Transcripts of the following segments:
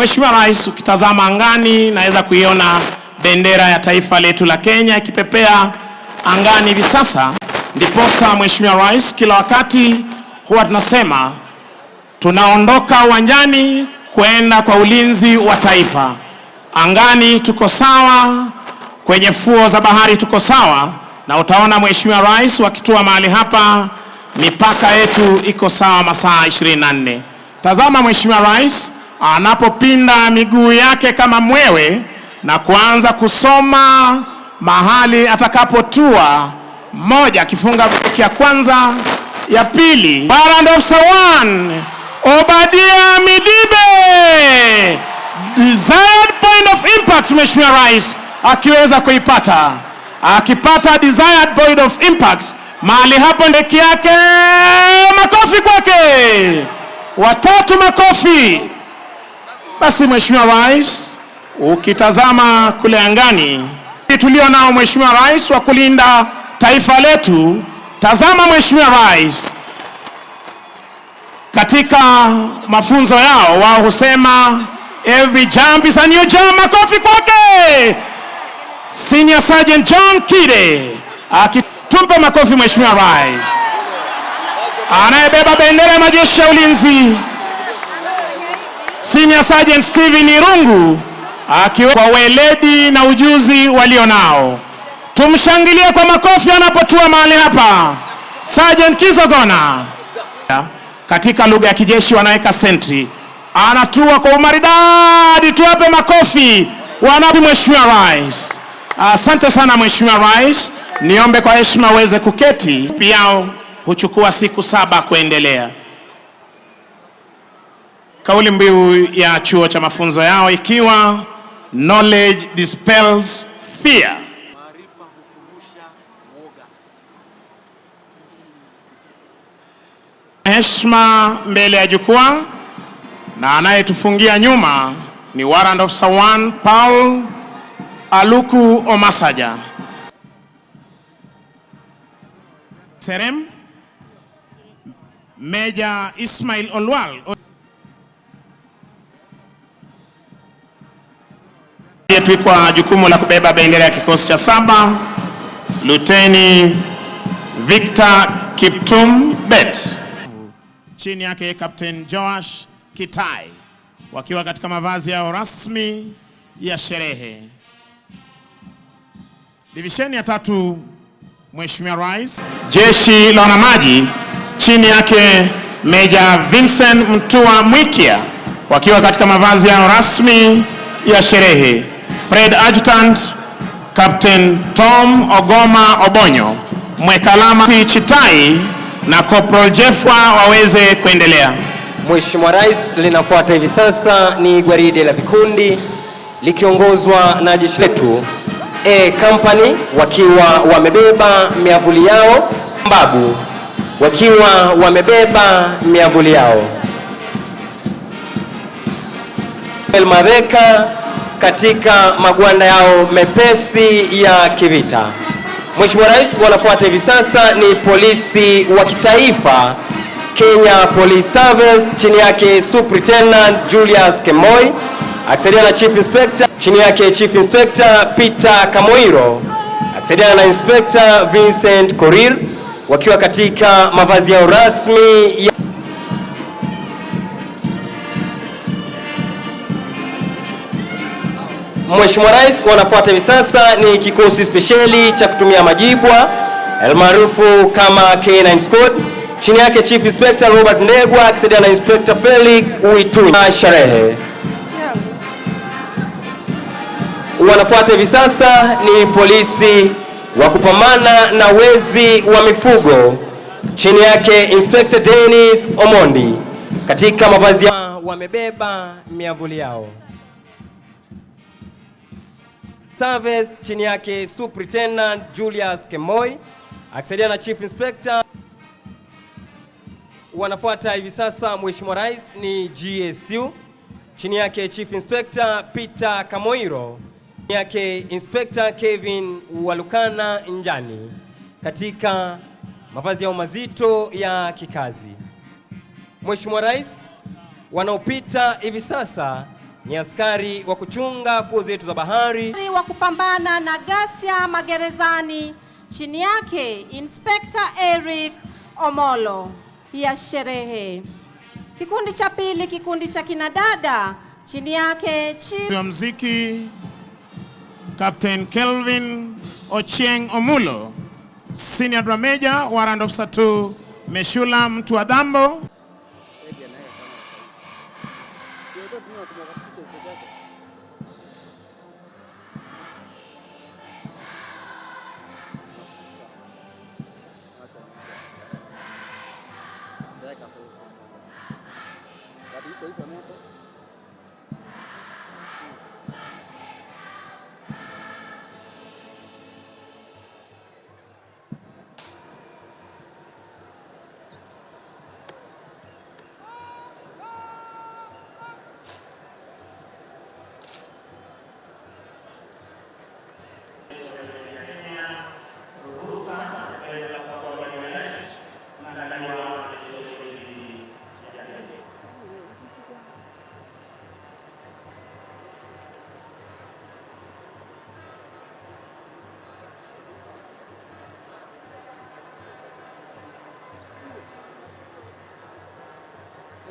Mheshimiwa Rais, ukitazama angani naweza kuiona bendera ya taifa letu la Kenya ikipepea angani hivi sasa. Ndiposa Mheshimiwa Rais, kila wakati huwa tunasema tunaondoka uwanjani kwenda kwa ulinzi wa taifa. Angani tuko sawa, kwenye fuo za bahari tuko sawa, na utaona Mheshimiwa Rais wakitua mahali hapa, mipaka yetu iko sawa masaa 24. Tazama Mheshimiwa Rais anapopinda miguu yake kama mwewe na kuanza kusoma mahali atakapotua. moja akifunga ya kwanza, ya pili, Warrant Officer 1 Obadia Midibe, desired point of impact. Mheshimiwa Rais akiweza kuipata, akipata desired point of impact mahali hapo, ndeki yake. Makofi kwake, watatu makofi. Basi Mheshimiwa Rais, ukitazama kule angani tulio nao Mheshimiwa Rais wa kulinda taifa letu, tazama Mheshimiwa Rais, katika mafunzo yao wao husema every jump is a new jump. Makofi kwake Senior Sergeant John Kide, akitumpa makofi Mheshimiwa Rais anayebeba bendera ya majeshi ya ulinzi Senior Sergeant Steven Irungu akiwa kwa weledi na ujuzi walionao. Tumshangilie kwa makofi anapotua mahali hapa. Sergeant Kizogona katika lugha ya kijeshi wanaweka sentry, anatua kwa umaridadi, tuwape makofi wanapi. Mheshimiwa Rais, asante sana Mheshimiwa Rais, niombe kwa heshima uweze kuketi. Pia huchukua siku saba kuendelea kauli mbiu ya chuo cha mafunzo yao ikiwa knowledge dispels fear. Maarifa hufungusha uoga. Heshima mbele ya jukwaa na anayetufungia nyuma ni warrant officer 1 Paul Aluku Omasaja Serem Meja Ismail Olwal yetu kwa jukumu la kubeba bendera ya kikosi cha saba Luteni Victor Kiptum Bet, chini yake Captain Joash Kitai, wakiwa katika mavazi yao rasmi ya sherehe. Divisheni ya tatu, Mheshimiwa Rais, Jeshi la Wanamaji chini yake Meja Vincent Mtua Mwikia wakiwa katika mavazi yao rasmi ya sherehe. Fred Adjutant Captain Tom Ogoma Obonyo, mwekalama Chitai na Corporal Jeffwa waweze kuendelea. Mheshimiwa Rais, linafuata hivi sasa ni gwaride la vikundi likiongozwa na jeshi letu e, A Company wakiwa wamebeba miavuli yao, mbabu wakiwa wamebeba miavuli yao Madheka katika magwanda yao mepesi ya kivita. Mheshimiwa Rais, wanafuata hivi sasa ni polisi wa kitaifa Kenya Police Service, chini yake Superintendent Julius Kemoi akisaidiana na Chief Inspector, chini yake Chief Inspector Peter Kamoiro akisaidiana na Inspector Vincent Korir wakiwa katika mavazi yao rasmi ya Mheshimiwa Rais, wanafuata hivi sasa ni kikosi spesheli cha kutumia majibwa almaarufu kama K9 Squad, chini yake Chief Inspector Robert Ndegwa akisaidia na Inspector Felix Uitu. Sherehe wanafuata hivi sasa ni polisi wa kupambana na wezi wa mifugo chini yake Inspector Dennis Omondi katika mavazi wamebeba miavuli yao. Taves, chini yake Superintendent Julius Kemoi akisaidia na Chief Inspector. Wanafuata hivi sasa Mheshimiwa Rais ni GSU, chini yake Chief Inspector Peter Kamoiro, chini yake Inspector Kevin Walukana Njani katika mavazi yao mazito ya kikazi. Mheshimiwa Rais, wanaopita hivi sasa ni askari wa kuchunga fuo zetu za bahari, wa kupambana na ghasia magerezani, chini yake Inspector Eric Omolo. Ya sherehe kikundi cha pili, kikundi cha kinadada, chini yake chini ya mziki Captain Kelvin Ochieng Omulo, Senior Drum Major Warrant Officer 2 Meshula Mtu wa Dhambo. 这地有这么搞？四九四九的。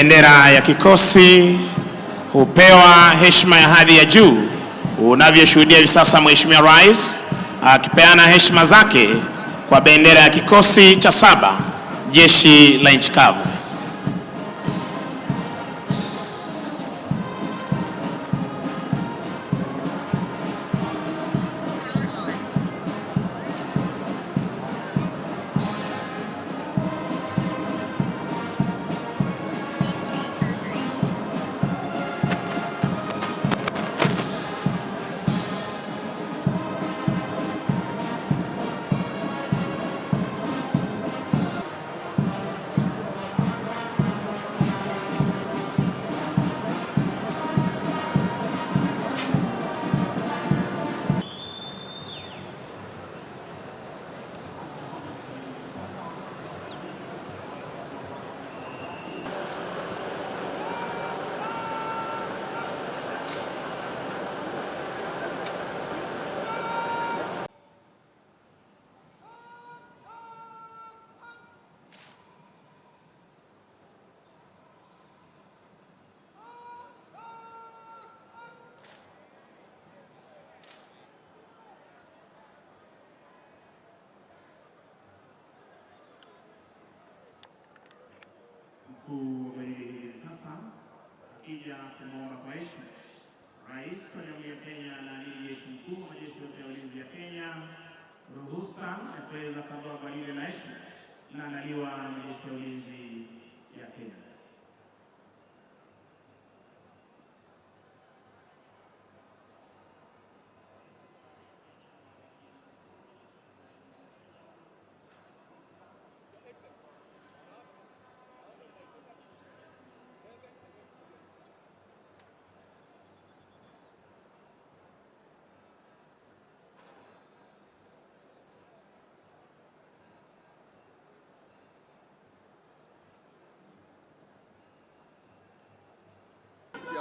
bendera ya kikosi hupewa heshima ya hadhi ya juu. Unavyoshuhudia hivi sasa, Mheshimiwa Rais akipeana heshima zake kwa bendera ya kikosi cha saba jeshi la nchi kavu. tukija kumwomba kwa heshima Rais wa Jamhuri ya Kenya na Amiri Jeshi Mkuu wa Majeshi yote ya Ulinzi ya Kenya ruhusa ya kuweza kavaa kwa la heshima linaandaliwa na Majeshi ya Ulinzi ya Kenya.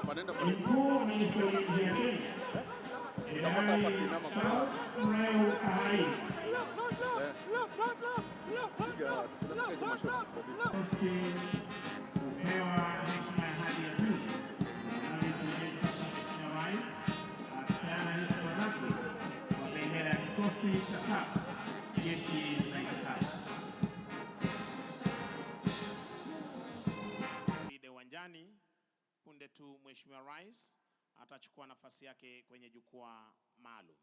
wanaenda kwa Kikosi cha atachukua nafasi yake kwenye jukwaa maalum.